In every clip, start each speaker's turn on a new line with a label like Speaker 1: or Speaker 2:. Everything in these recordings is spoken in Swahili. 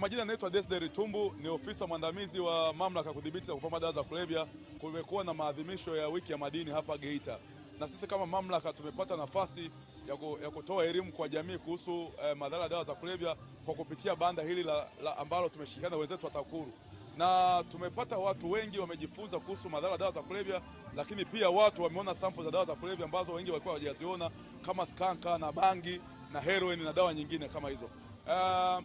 Speaker 1: majina naitwa Desdery Tumbu, ni ofisa mwandamizi wa mamlaka ya kudhibiti na kupambana dawa za kulevya. Kumekuwa na maadhimisho ya wiki ya madini hapa Geita, na sisi kama mamlaka tumepata nafasi ya kutoa elimu kwa jamii kuhusu eh, madhara ya dawa za kulevya kwa kupitia banda hili la, la ambalo tumeshirikiana wenzetu wa TAKUKURU na tumepata watu wengi wamejifunza kuhusu madhara dawa za kulevya, lakini pia watu wameona sample za dawa za kulevya ambazo wengi walikuwa hawajaziona kama skanka na bangi na heroin na dawa nyingine kama hizo uh,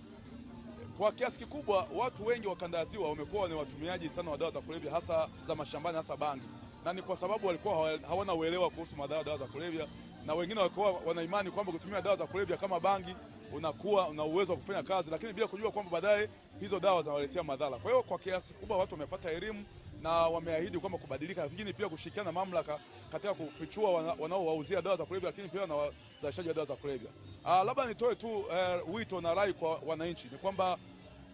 Speaker 1: kwa kiasi kikubwa watu wengi wakandaziwa wamekuwa ni watumiaji sana wa dawa za kulevya, hasa za mashambani, hasa bangi, na ni kwa sababu walikuwa hawana uelewa kuhusu madhara dawa za kulevya, na wengine walikuwa wanaimani kwamba kutumia dawa za kulevya kama bangi unakuwa una uwezo wa kufanya kazi, lakini bila kujua kwamba baadaye hizo dawa zinawaletea madhara. Kwa hiyo kwa kiasi kikubwa watu wamepata elimu na wameahidi kwamba kubadilika, lakini pia kushirikiana na mamlaka katika kufichua wanaowauzia dawa za kulevya, lakini pia na wazalishaji wa dawa za kulevya. Ah, labda nitoe tu eh, wito na rai kwa wananchi ni kwamba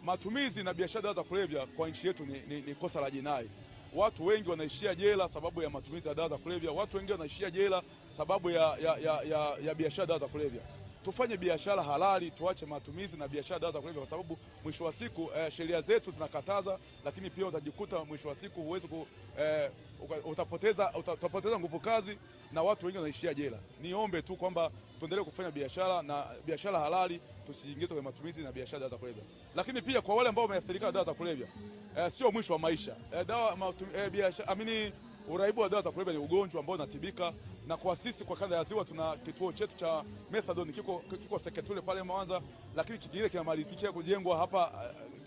Speaker 1: matumizi na biashara dawa za kulevya kwa nchi yetu ni, ni, ni kosa la jinai. Watu wengi wanaishia jela sababu ya matumizi ya dawa za kulevya. Watu wengi wanaishia jela sababu ya, ya, ya, ya, ya biashara dawa za kulevya tufanye biashara halali, tuache matumizi na biashara dawa za kulevya, kwa sababu mwisho wa siku eh, sheria zetu zinakataza, lakini pia utajikuta mwisho wa siku huwezi ku, eh, utapoteza, utapoteza nguvu kazi na watu wengi wanaishia jela. Niombe tu kwamba tuendelee kufanya biashara na biashara halali, tusiingize kwenye matumizi na biashara dawa za kulevya. Lakini pia kwa wale ambao wameathirika na dawa za kulevya eh, sio mwisho wa maisha eh, dawa, matum, eh, biashara amini, uraibu wa dawa za kulevya ni ugonjwa ambao unatibika na kwa sisi kwa kanda ya Ziwa tuna kituo chetu cha methadone kiko, kiko Seketule pale Mwanza, lakini kile kinamalizikia kujengwa hapa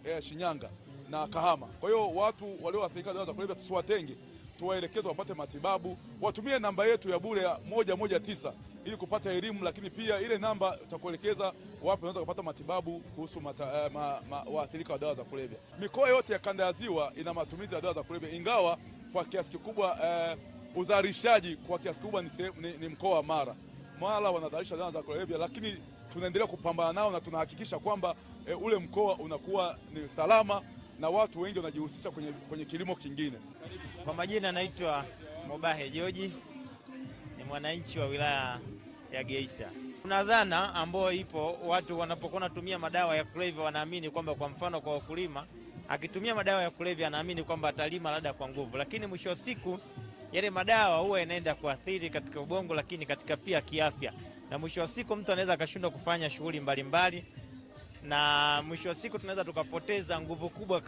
Speaker 1: e, Shinyanga na Kahama. Kwa hiyo watu walioathirika dawa za kulevya tusiwatenge, tuwaelekeze wapate matibabu, watumie namba yetu ya bure ya moja moja tisa ili kupata elimu, lakini pia ile namba itakuelekeza wapi unaweza kupata matibabu kuhusu mata, eh, ma, ma, waathirika wa dawa za kulevya. Mikoa yote ya kanda ya Ziwa ina matumizi ya dawa za kulevya, ingawa kwa kiasi kikubwa eh, uzalishaji kwa kiasi kubwa ni, ni, ni mkoa wa Mara. Mara wanazalisha dawa za kulevya, lakini tunaendelea kupambana nao na tunahakikisha kwamba e, ule mkoa unakuwa ni salama na watu wengi wanajihusisha kwenye, kwenye kilimo kingine.
Speaker 2: Kwa majina naitwa Mobahe Joji, ni mwananchi wa wilaya ya Geita. Kuna dhana ambayo ipo, watu wanapokuwa wanatumia madawa ya kulevya wanaamini kwamba, kwa mfano, kwa wakulima akitumia madawa ya kulevya anaamini kwamba atalima labda kwa nguvu, lakini mwisho wa siku yale madawa huwa yanaenda kuathiri katika ubongo, lakini katika pia kiafya, na mwisho wa siku mtu anaweza akashindwa kufanya shughuli mbalimbali, na mwisho wa siku tunaweza tukapoteza nguvu kubwa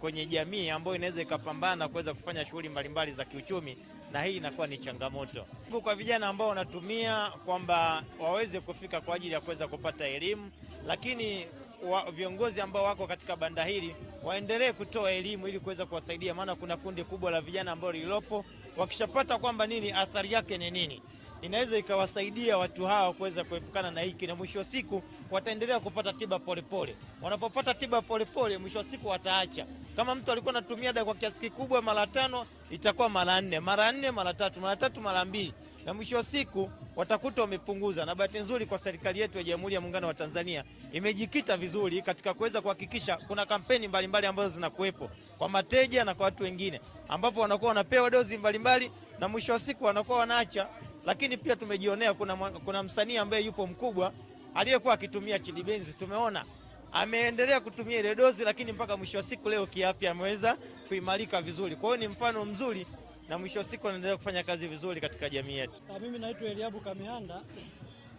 Speaker 2: kwenye jamii ambayo inaweza ikapambana kuweza kufanya shughuli mbalimbali za kiuchumi, na hii inakuwa ni changamoto kwa vijana ambao wanatumia kwamba waweze kufika kwa ajili ya kuweza kupata elimu, lakini wa, viongozi ambao wako katika banda hili waendelee kutoa elimu ili kuweza kuwasaidia, maana kuna kundi kubwa la vijana ambao lililopo, wakishapata kwamba nini athari yake ni nini inaweza ikawasaidia watu hawa kuweza kuepukana na hiki, na mwisho wa siku wataendelea kupata tiba polepole. Wanapopata tiba polepole, mwisho wa siku wataacha. Kama mtu alikuwa anatumia dawa kwa kiasi kikubwa, mara tano itakuwa mara nne, mara nne mara tatu, mara tatu mara mbili na mwisho wa siku watakuta wamepunguza. Na bahati nzuri kwa serikali yetu ya Jamhuri ya Muungano wa Tanzania imejikita vizuri katika kuweza kuhakikisha kuna kampeni mbalimbali ambazo zinakuwepo kwa mateja na kwa watu wengine, ambapo wanakuwa wanapewa dozi mbalimbali na mwisho wa siku wanakuwa wanaacha. Lakini pia tumejionea kuna, kuna msanii ambaye yupo mkubwa aliyekuwa akitumia chidibenzi tumeona ameendelea kutumia ile dozi, lakini mpaka mwisho wa siku leo kiafya ameweza kuimarika vizuri. Kwa hiyo ni mfano mzuri, na mwisho wa siku anaendelea kufanya kazi vizuri katika jamii yetu.
Speaker 3: Ah, mimi naitwa Eliabu Kamihanda,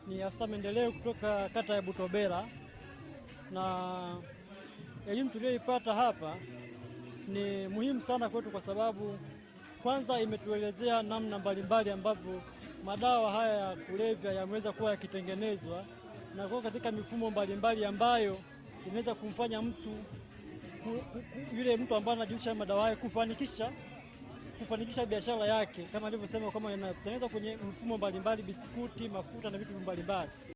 Speaker 3: ni afisa maendeleo kutoka kata ya butobela na elimu tuliyoipata hapa ni muhimu sana kwetu kwa sababu kwanza imetuelezea namna mbalimbali ambavyo madawa haya ya kulevya yameweza kuwa yakitengenezwa na kuwa katika mifumo mbalimbali ambayo inaweza kumfanya mtu ku, ku, ku, yule mtu ambaye anajihusisha madawa kufanikisha kufanikisha biashara yake kama alivyosema, kama inatengeneza kwenye mfumo mbalimbali, biskuti, mafuta na vitu mbalimbali.